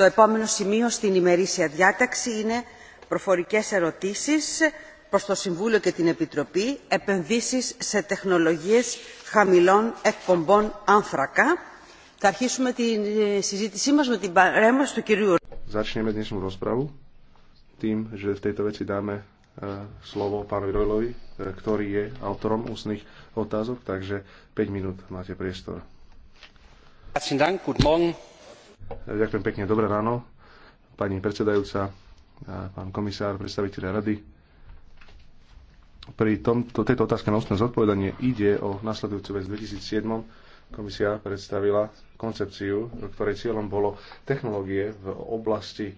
Το επόμενο σημείο στην ημερήσια διάταξη είναι προφορικές ερωτήσεις προς το Συμβούλιο και την Επιτροπή επενδύσεις σε τεχνολογίες χαμηλών εκπομπών άνθρακα. Θα αρχίσουμε τη συζήτησή μας με την παρέμβαση του κυρίου Začneme την rozpravu tým, že v tejto veci dáme slovo pánovi Rojlovi, ktorý je autorom ústnych otázok, takže 5 minút máte priestor. Herzlichen Dank, guten Morgen. Ďakujem pekne. Dobré ráno, pani predsedajúca, pán komisár, predstaviteľ rady. Pri tomto, tejto otázke na ústne zodpovedanie ide o nasledujúcu vec. V 2007 komisia predstavila koncepciu, ktorej cieľom bolo technológie v oblasti